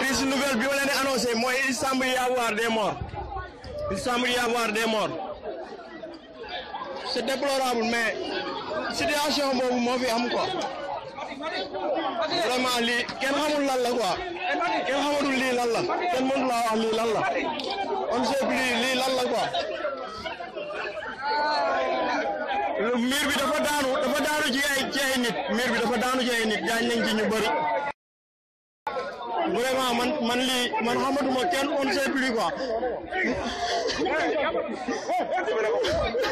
triste nouvelle bi ma leen di annoncé mooy il semble y avoir des il semble y avoir des c'est déplorable mais situation boobu moo fi am quoi vraiment lii kenn xamul lan la quoi kenn xamatul lii lan la kenn mënul laa wax lii lan la on sait plus lii lan la quoi miir bi dafa daanu ci ay ci ay nit miir bi dafa daanu ci ay nit gaañ nañ ci ñu bëri. vraiment man man lii man xamatuma kenn on sait plus quoi